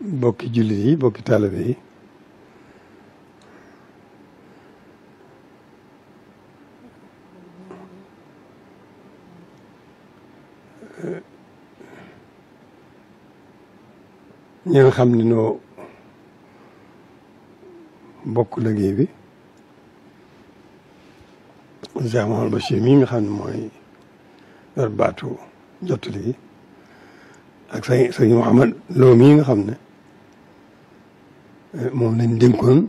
bokki jullit yi bokki taalibe yi ñi nga xam ne noo bokk liggéey bi a Mouhamadou Bachir mii nga xam ne mooy yor baatu jottali ak sëñ sëñ Mouhamad loo nga xam ne moom lañ dénkoon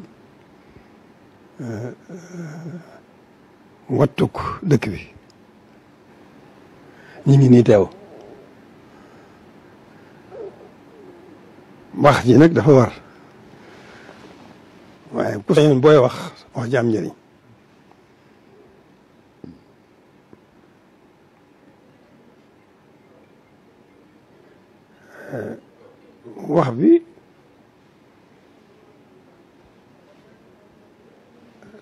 wattuk dëkk bi ñu ngi nii teew wax ji nag dafa war waaye ku booy wax wax ji am wax bi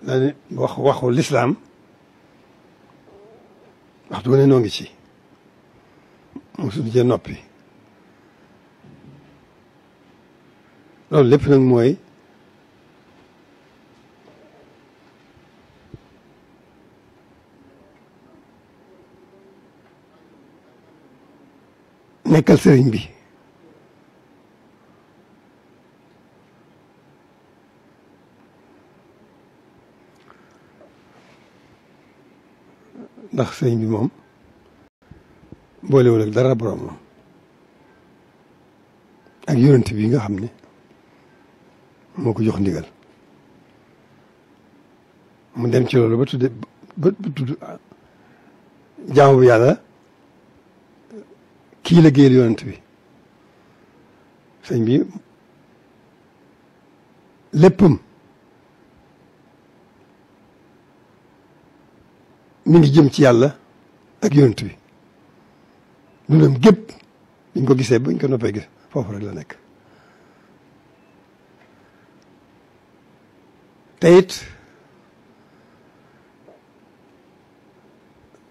daani wax waxu lislaam waxtu wane noo ngi ci mosuñu cee noppi loolu lépp nag mooy nekkal sëriñ bi ndax sëñ bi moom boolewul ak dara boroomam ak yonent bi nga xam ni moo ko jox ndigal mu dem ci loolu ba tudde ba tudd jaamu bu yàlla kii la géyal yonent bi sëñ bi léppam mi ngi jëm ci yàlla ak yonent bi dundam gépp buñ ko gisee bu ko noppee gis foofu rek la nekk te it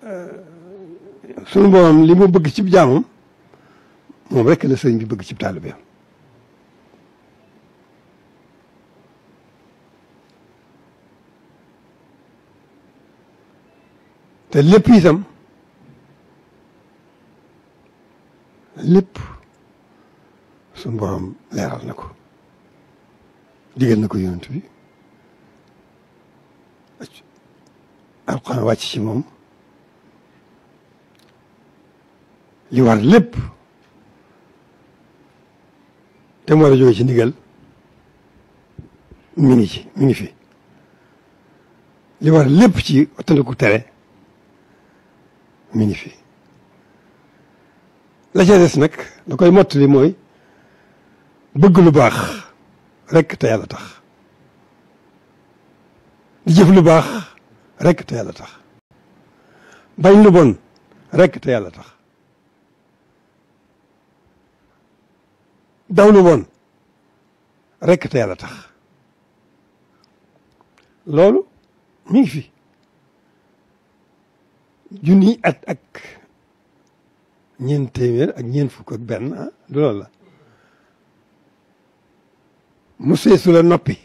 eh, sunu boroom li mu bëgg ci jaamam moom rek la sëriñ bi bëgg ci taalibeem te lépp itam lépp suñu borom leeral na ko digal na ko yonent bi alxuraan wàcc ci moom li war lépp te mu war a ci ndigal mi ngi ci mi ngi fi li war lépp ci wattandiku tere mi ngi fi la ca des nag la koy mottali mooy bëgg lu baax rekk te yàlla tax di jëf lu baax rekk te yàlla tax bañ lu bon rekk te yàlla tax daw lu bon rekk te yàlla tax loolu mi ngi fi junni at ak ñeent téeméer ak ñeent fukk benn ah du loolu la mu seesu la noppi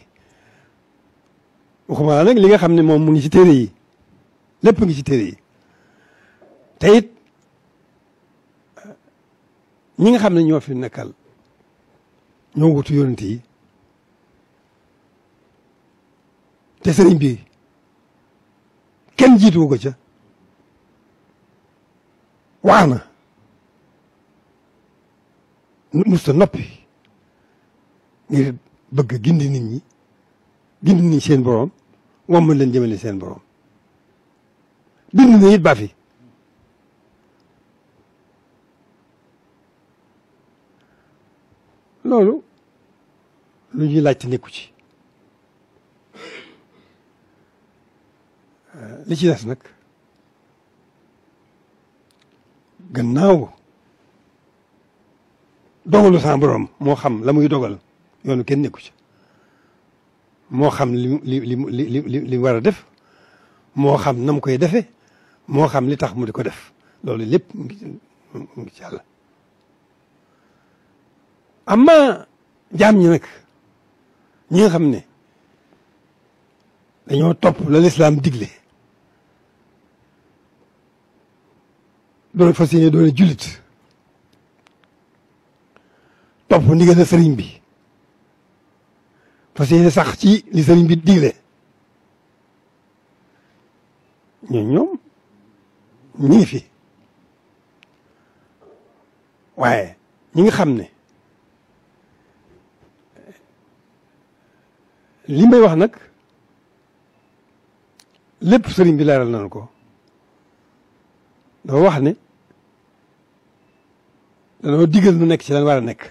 waxuma la nag li nga xam ne moom mu ngi ci téere yi lépp ngi ci téere yi te ñi nga xam ne ñoo fi nekkal ñoo wutu yonent yi te sëriñ bi kenn jiitu ko ca wax na musta noppi ngir bëgg gindi nit ñi gindi ni seen borom wam mën leen jëmale seen borom bind na it ba fi loolu lu ñuy laajte nekku ci li ci des nag gannaaw dogalu sa borom moo xam la muy dogal yoonu kenn nekku ci moo xam li li li li li war a def moo xam nam koy defee moo xam li tax mu di ko def loolu lépp mu ngi ci yàlla amma jaam ñi nag xam ne dañoo top la lislaam digle doon fas yéene doon jullit topp ndigal na sëriñ bi fas yéene sax ci li sëriñ bi digle ñoo ñoom ñi ngi fi waaye ñi nga xam ne li may wax nag lépp sëriñ bi leeral nañu ko dafa wax ne danoo digal nu nekk ci lan war nekk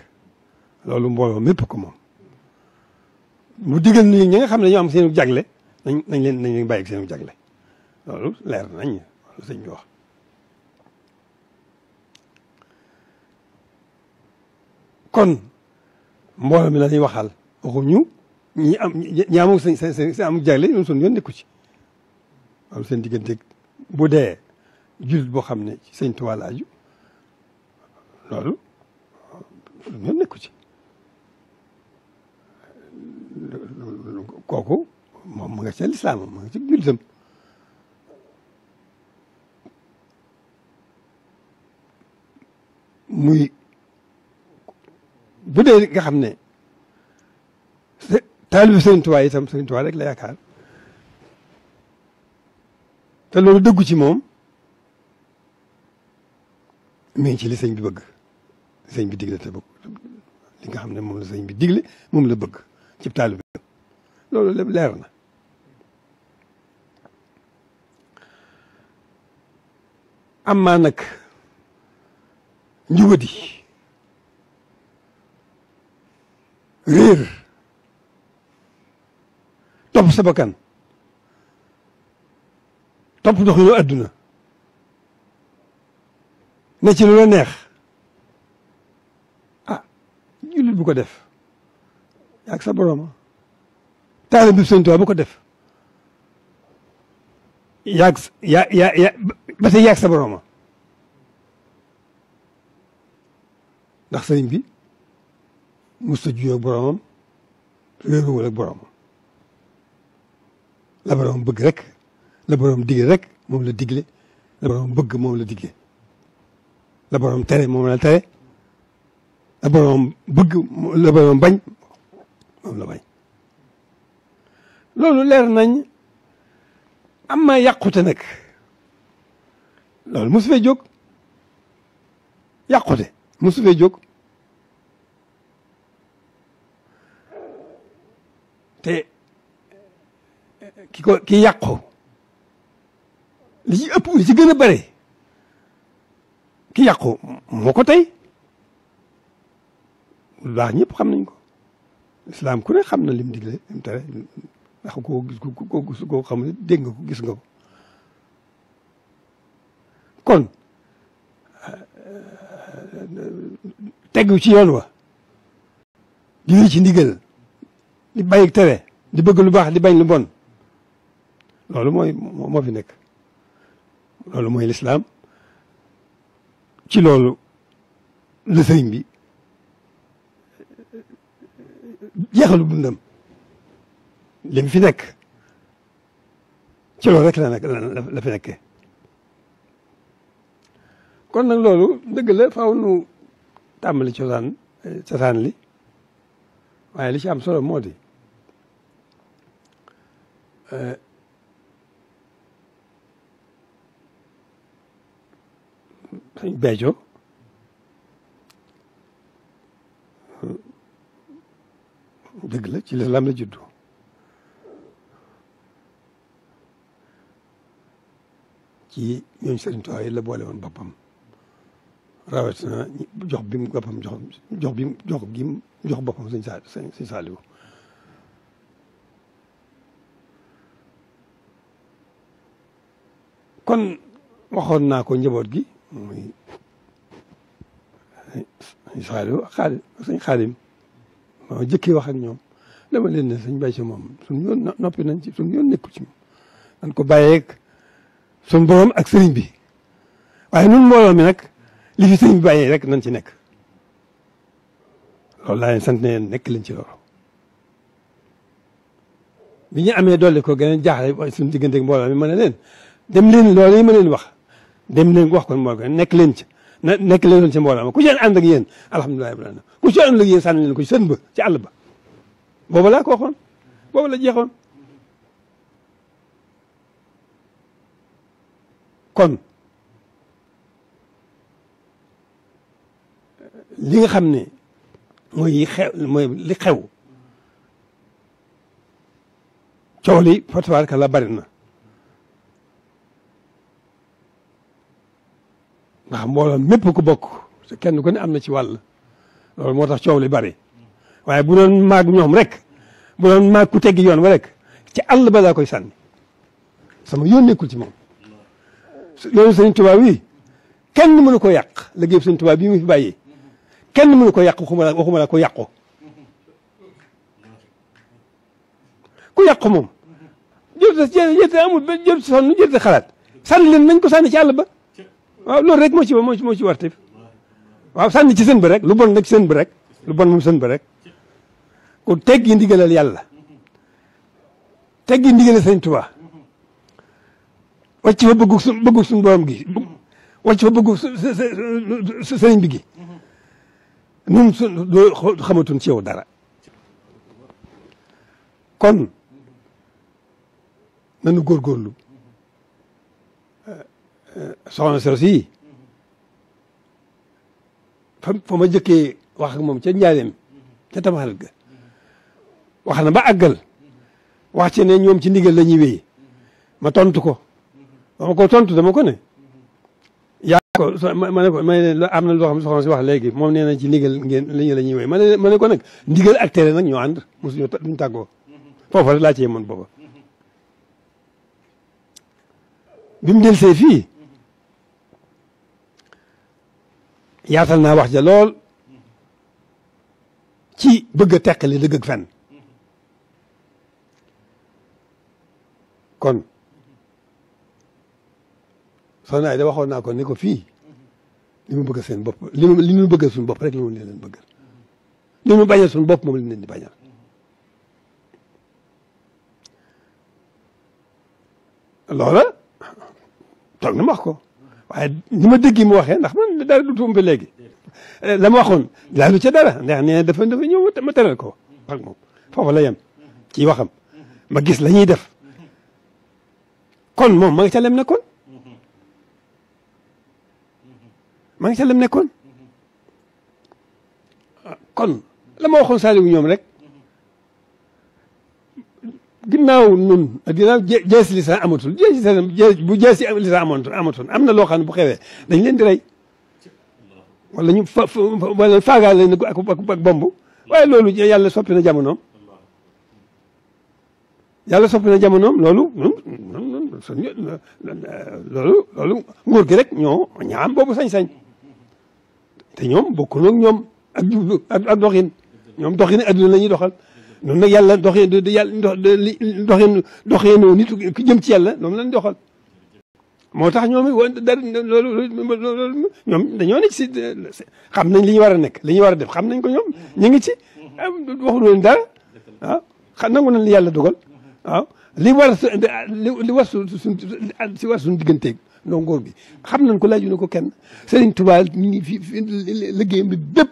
loolu mbooloo mépp ko moom mu digal nu ñi nga xam ne dañoo am seenu jagle nañ nañ leen nañ leen bàyyi jagle leer nañ loolu wax kon mbooloo mi la ñuy waxal ñu ñi am ñi amul seen seen seen jagle ñun suñu yoon nekku ci am seen diggante bu dee jullit boo xam ne ci sëñ Tuubaa la aju loolu ñoo nekku ci kooku moom mu nga ca lislaam mu nga ci jullitam muy bu dee nga xam ne taalibu Sëriñ Tuubaa itam Sëriñ Tuubaa rek la yaakaar te loolu dëggu ci moom mi ngi ci li sëñ bi bëgg sëñ bi digle te li nga xam ne moom la sëñ bi digle moom la bëgg ci taalibe loolu lépp leer na am maa nag njubadi réer topp sa bakkan topp dox yu adduna ne ci lu la neex ah jullit bu ko def ak sa borom taalib bi Sëñ bu ko def yaag yaa yaa yaa ba tey yaag sa borom ndax sëriñ bi mosut a juyoo ak boromam réeruwul la borom bëgg rek la borom digle rek moom la digle la borom bëgg moom la digle. la borom tere moom la tere la borom bëgg la borom bañ moom loolu leer nañ am ma yàqute nag loolu mosu fee jóg yàqute mosu fee jóg te ki ko yàqu li ci ëpp li ci gën a bare ki yàqu moo ko tey lu baax ñëpp xam nañ ko islam ku ne xam na lim digle lim tere ndax koo gis ko koo xam ne dégg nga ko gis nga kon tegu ci yoon wa di wéy ci ndigal di bàyyi tere di bëgg lu baax di bañ lu bon loolu mooy moo fi nekk loolu mooy lislaam ci loolu la sëriñ bi jeexalu bundam lim fi nekk ci loolu rek la nekk la kon nag loolu dëgg fa faaw nu tàmbali cosaan cosaan li waaye li ci am solo moo di sëñ Béthio dëgg la ci lislaam la juddu ci ñooñu Sëriñ Tuubaa yi la boole woon boppam rawatina jox bi mu boppam jox jox bi mu jox gi mu jox boppam sëñ saa kon waxoon naa ko njaboot gi muy sëñ Saliou ak Xaadim ma jëkkee wax ak ñoom dama leen ne Bay si moom suñu yoon noppi nañ ci suñu yoon nekku ci moom dañ ko bàyyeeg suñu borom ak sëriñ bi waaye nun mbooloo mi nag li fi sëriñ bi bàyyee rek nañ ci nekk loolu laa leen sant ne nekk leen ci loolu bi ñu amee dolli ko gën a jaaxle suñu diggante mi ma ne leen dem leen loolu yi ma leen wax dem leen wax kon mbooloo nekk leen ci na nekk leen ci mbooloo ma ku ci ànd ak yéen alhamdulilah ku ci ànd ak yéen sànni leen ko ci sën ba ci àll ba booba laa ko booba la jeexoon kon li nga xam ni mooy xew mooy li xew coow li la bari na ndax mbooloo mépp ku bokk kenn ku ne am na ci wàll loolu moo tax coow li bari waaye bu doon maag ñoom rek bu doon maag ku teggi yoon wa rek ci àll ba laa koy sànni sama yoon nekkul ci moom yoonu sëñ Tuubaa wi kenn mënu ko yàq liggéey sëñ Tuubaa bii mu fi bàyyi kenn mënu ko yàq waxuma la waxuma la ko yàqu ku yàqu moom jërte jërte amul jërte sonn jërte xalaat sànni leen nañ ko sànni ci àll ba waaw ah, loolu rek moo ci moo ci moo ci war ci seen bi rek lu bon nag seen bi rek lu bon moom seen bi rek ku teggi ndigalal yàlla teggi ndigalal sëñ Tuubaa wàcc fa bëggu su bëggu suñu borom gi wàcc fa bëggu bi gi ñun su xamatuñ ci yow dara kon nanu góorgóorlu soxna Soro sii fa fa ma jëkkee wax ak moom ca njaareem ca tamaxarit ga wax na ba aggal wax ci ne ñoom ci ndigal la ñuy wéy ma tontu ko ba ma ko tontu dama ko ne yaa ma ne ko ma am na loo xam soxna si wax léegi moom nee na ci ndigal ngeen la ñuy ma ne ma ne ko nag ndigal ak tere nag ñoo ànd mosuñu duñ tàggoo foofa rek laa cee mën booba bi del see fii yaatal naa wax ja lool ci bëgg a teqali dëgg ak fen kon soxna Ayda waxoon naa ko ni ko fii li mu bëgg seen bopp li mu li ñu bëgg suñu bopp rek li mu leen bëgg li mu bañal suñu bopp moom li leen di bañal loola toog na wax ko waaye ni ma dégg mu waxee ndax man dara du tuum ba la ma waxoon daal lu ca dara ndax nee na dafa dafa ñëw ma teral ko wax moom foofu ci waxam ma gis la ñuy def kon moom ma nga ca lem nekkoon ma nga ca lem nekkoon kon la ma waxoon saaliwu ñoom rek ginnaaw nun ginnaaw jees li sax amatul jees li bu jees li sax amatul amatul am na loo xam ne bu xewee dañ leen di rey wala ñu fa wala faagaal leen ak ak bomb waaye loolu yàlla soppi na jamonoom yàlla soppi na jamonoom loolu nun loolu loolu nguur gi rek ñoo ñaam boobu sañ-sañ te ñoom bokkuñu ak ñoom ak ak doxin ñoom doxin adduna la ñuy doxal noonu nag yàlla doxee yàlla doxee doxee noonu nit ku jëm ci yàlla noonu lañ doxal. moo tax ñoom it dara loolu loolu ñoom dañoo nekk si xam nañ li ñu war a nekk li ñu war a def xam nañ ko ñoom ñu ngi ci waxuñu leen dara waaw ah xam nangu nañ li yàlla dogal ah li war li war su suñ si war suñu digganteeg ndongoor bi xam nañ ko laaju na ko kenn Serigne Touba mi ngi fi liggéeyam bi bépp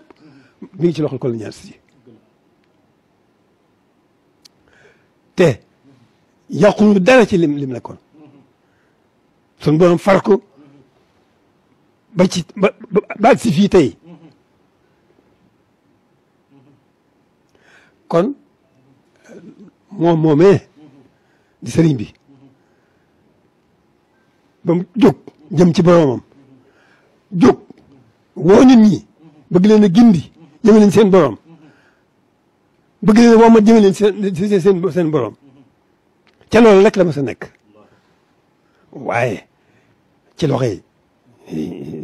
mi ngi ci loxol colonialiste yi te yàquñu dara ci lim lim nekkoon suñ borom ba ci ba si fii tey kon moom moomee di sëriñ bi ba mu jóg ci boromam jóg woo nit ñi bëgg leen a gindi jëme leen seen borom bëgg leen woo ma jëme leen seen seen seen borom ce loolu rek la ma sa nekk waaye ci loxo yi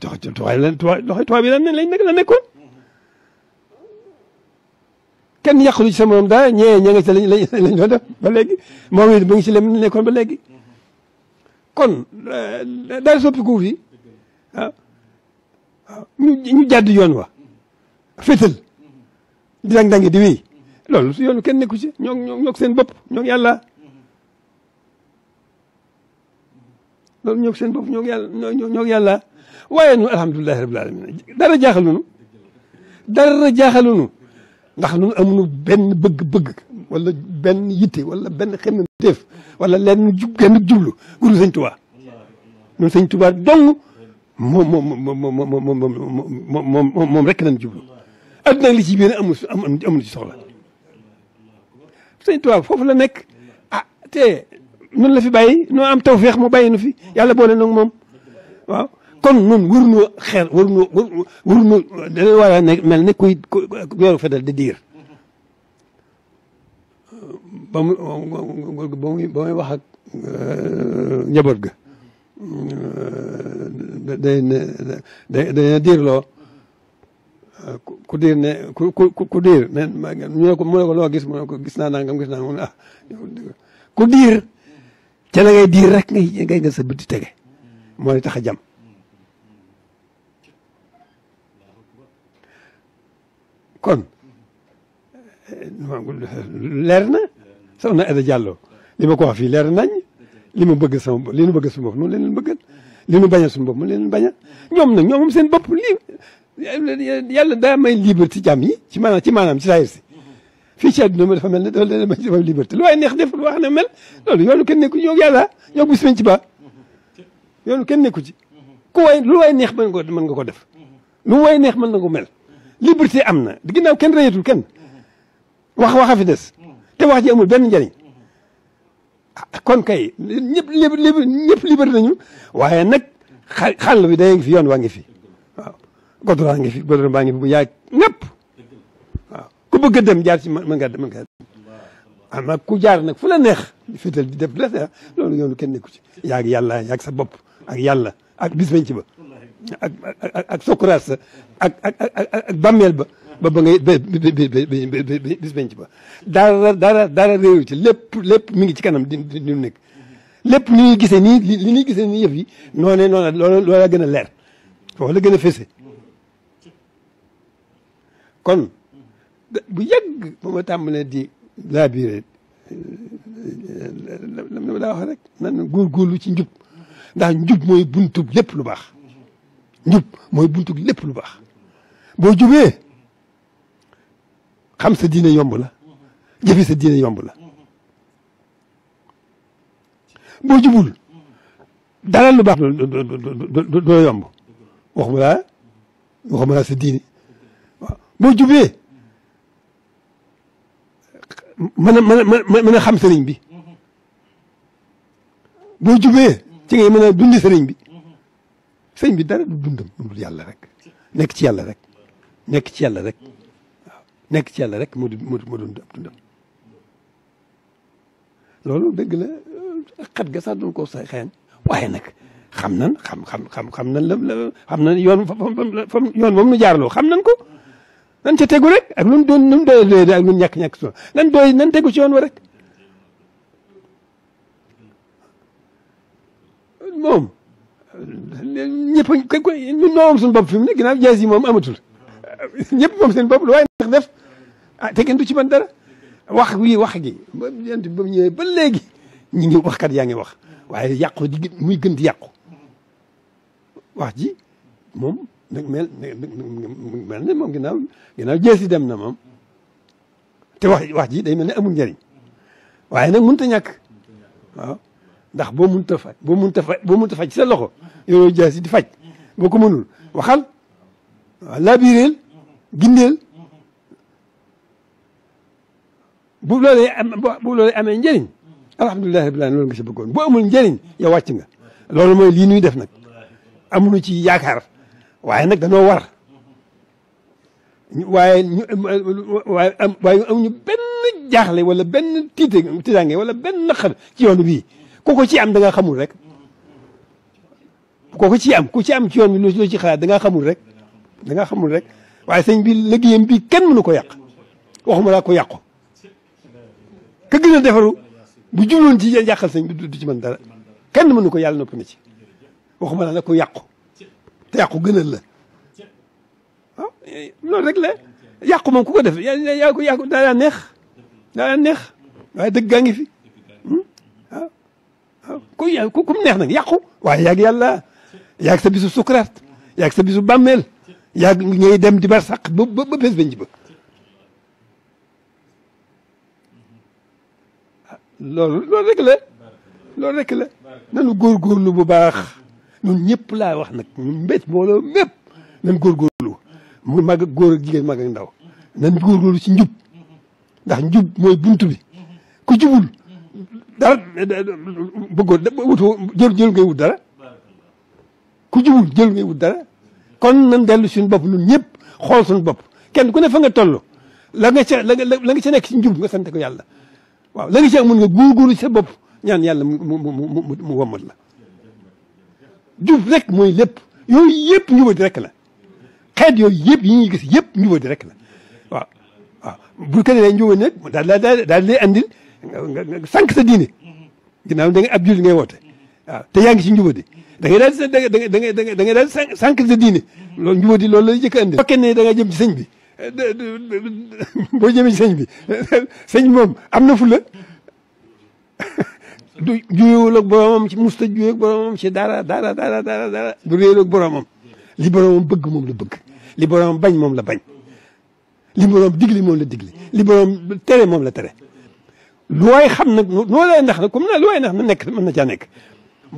loxo loxo tubaab yi daan lañ nekk la nekkoon kenn yàqulu ci sa morom daa ñee ña nga ci lañ lañ doon def ba léegi moom it mu ngi ci lam nekkoon ba léegi kon euh, daal soppiku fi ah ñu jàdd yoon wa fétal di dang-dangi loolu su yoonu kenn nekku ci ñoo ñoo seen bopp ñoo yàlla loolu ñoo seen bopp ñoo yàlla ñoo yàlla waaye ñun alhamdulilahi rabil alamin dara jaaxalunu dara jaaxalunu ndax nu amuñu benn bëgg-bëgg wala benn yitte wala benn xemme def wala lenn genn jublu guru sëñ Tuubaa ñun sëñ Tuubaa dong moom moom moom moom moom moom moom moom rek lañ jublu ak nag li ci biir am amul ci soxla sëñ Tuubaa foofu la nekk ah te nun la fi bàyyi noo am tawféex mu bàyyi nu fi yàlla boole nag moom waaw kon nun waruñoo xeer waruñoo waruñoo dana war a mel ne kuy yoru fedal di diir ba mu ba muy ba muy wax ak njaboot ga day day day ku diir ne ku ku ku mu ne ko loo gis mu ne ko gis naa nangam gis naa mu ne ah ku diir ca la diir rek nga sa bët tege moo tax a jam kon leer na soxna Aida Diallo li ma ko wax fii leer nañ li ma bëgg sama li nu bëgg suñu bopp noonu leen bëggal li nu baña suñu bopp mu leen baña ñoom nag ñoom moom bopp lii yàlla daa may liberté jàmm yi ci maanaam ci maanaam ci saayir si fii ci àdduna ma dafa mel ne dafa leen may dafa liberté lu waaye neex def lu wax ne mel loolu yoonu kenn nekku ci ñoo yàlla ñoo bis nañ ci ba yoonu kenn nekku ci ku waay lu waay neex mën nga ko mën nga ko def lu waay neex mën na ko mel liberté am na ginnaaw kenn reyatul kenn wax waxa fi des te wax ji amul benn njëriñ kon kay ñëpp ñëpp liberté nañu waaye nag xàll bi day ngi fi yoon waa ngi fi goudron ngi fi goudron baa ngi fi bu yaay ñëpp waaw ku bëgg a dem jaar ci mën nga mën nga dem ah, am na ku jaar nag fu la neex féetal di def la neex loolu yoonu kenn nekku ci yaa ngi yàlla yaa ngi sa bopp ak yàlla ak bis bañ ci ba ak ak ak sokuraas sa ak ak ak ak bàmmeel ba ba ba ngay bis bañ ci ba dara dara dara réew ci lépp lépp mi ngi ci kanam di di nekk lépp ni ñuy gisee nii li ñuy gisee nii yëf yi noo ne noonu la loola gën a leer foofu la gën a fese kon bu yàgg ba ma tàmbalee di laabiré euh, lam ma daa wax rek nan góorgóorlu ci njub ndax njub mooy buntub lépp lu baax njub mooy buntub lépp lu baax boo jubee xam sa diine yomb la jëfe sa boo jubul dara lu baax doo yomb waxuma laa waxuma موجبيه من من من من xam sëriñ bi boo jubee ci ngay mën a dundi sëriñ bi sëriñ bi dara du dundam dundul yàlla rek nekk ci yàlla rek nekk ci yàlla rek waaw nekk ci yàlla rek moo di moo moo doon dundam loolu dëgg la xat ga sax doon ko sa xëyan waaye nag xam nan xam xam nan ca tegu rek ak lu mu doon lu mu doon ak lu mu ñàkk-ñàkk su nan doy nan tegu ci yoon wa rek moom ñëpp a koy ñun ñoo suñu bopp fi mu ne ginnaaw jaas yi moom amatul ñëpp moom seen bopp lu waaye ndax def ah te kenn du ci man dara wax wi wax gi ba yent ba mu ñëwee ba léegi ñi ngi waxkat yaa ngi wax waaye yàqu di muy gën di yàqu wax ji moom nag mel mel ne moom ginnaaw ginnaaw jël si dem na moom te wax wax ji day mel ne amul njëriñ waaye nag mënut a ñàkk waaw ndax boo mënut a faj boo mënut a faj boo mënut a faj sa loxo yooyu jël si di faj boo ko mënul waxal waaw laabireel gindeel bu loolee am bu loolee amee njëriñ alhamdulilah rabbil aalamiin loolu nga si bëggoon boo amul njëriñ yow wàcc nga loolu mooy lii nuy def nag amuñu ci yaakaar. waaye nag dañoo war waaye ñu waaye am benn jaaxle wala benn tiite tiitaange wala benn naqar ci yoon bii ku ko ci am da nga xamul rek ku ko ci am ku ci am ci yoon bi loo ci xalaat da nga xamul rek danga nga xamul rek waaye sëñ bi liggéeyam bi kenn mënu ko yàq waxuma laa ko yàqu ka gën a defaru bu jubloon ci yàqal sëñ bi du ci mën dara kenn mënu ko yàlla nopp na ci waxuma laa nag ko yàqu te yàqu gënal la waaw ah, loolu rek la yàqu moom ku ko def yàqu yàqu daa daa neex daa waaye dëgg gaa ngi fi waaw kum hmm? ah, ah, ku yà ku neex nag yàqu waaye yàgg yàlla yàgg sa bisu sukuraat yàgg sa bisu bàmmeel yàgg ñooy dem di barsàq ba ba ba bés ba nji ba loolu loolu rek la loolu rek la nanu góorgóorlu bu baax ñun ñëpp laa wax nag ñun mbét mbooloo mépp nañ góorgóorlu mu mag ak góor ak jigéen mag ak ndaw nañ góorgóorlu ci njub ndax njub mooy buntu bi ku jubul dara bëggoo wutoo jël jël ngay wut dara ku jubul jël ngay wut dara kon nañ dellu suñu bopp ñun ñëpp xool suñu bopp kenn ku ne fa nga toll la nga ca la nga ca nekk ci njub nga sante ko yàlla waaw la nga ca amoon nga góorgóorlu ci sa bopp ñaan yàlla mu mu mu mu la jub rek mooy lépp yooyu yëpp njubadi rek la xeet yooyu yëpp yi ñuy gis yëpp njubadi rek la waaw waaw bu ko defee njubadi nag daal la daal lay andil nga sànq sa diine ginnaaw da nga ab jullit ngay woote waaw te yaa ngi ci njubadi da ngay daal sa da ngay da ngay da ngay daal sànq sa diine loolu njubadi loolu la ñuy jëkk andil fekkee ne da nga jëm ci sëñ bi boo jëmee ci sëñ bi sëñ moom am na fu la du juyewul ak boromam ci musta juyee ak boromam ci dara dara dara dara dara du réer li boromam bëgg moom la bëgg li boromam bañ moom la bañ li boromam digli moom la digli li boromam tere moom la tere looy xam nag noo lay ndax nag comme na looy ndax na nekk mën na caa nekk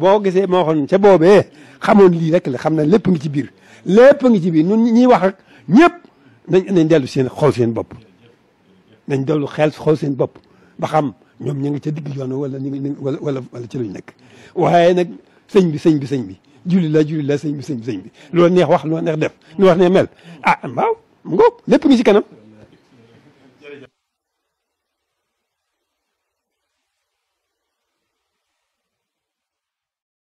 boo gisee moo waxoon ca boobee xamoon lii rek la xam na lépp ngi ci biir lépp ngi ci biir ñun ñuy wax ak ñëpp nañ nañ dellu seen xool seen bopp nañ dellu xel xool seen bopp ba xam ñoom ñu ngi ca digg yoon wala ñu ngi wala wala wala ci luñ nekk waaye nag sëñ bi sëñ bi sëñ bi julli la julli sëñ bi sëñ bi sëñ bi loo neex wax loo neex def lu wax ne mel ah waaw mu ngoog lépp ngi ci kanam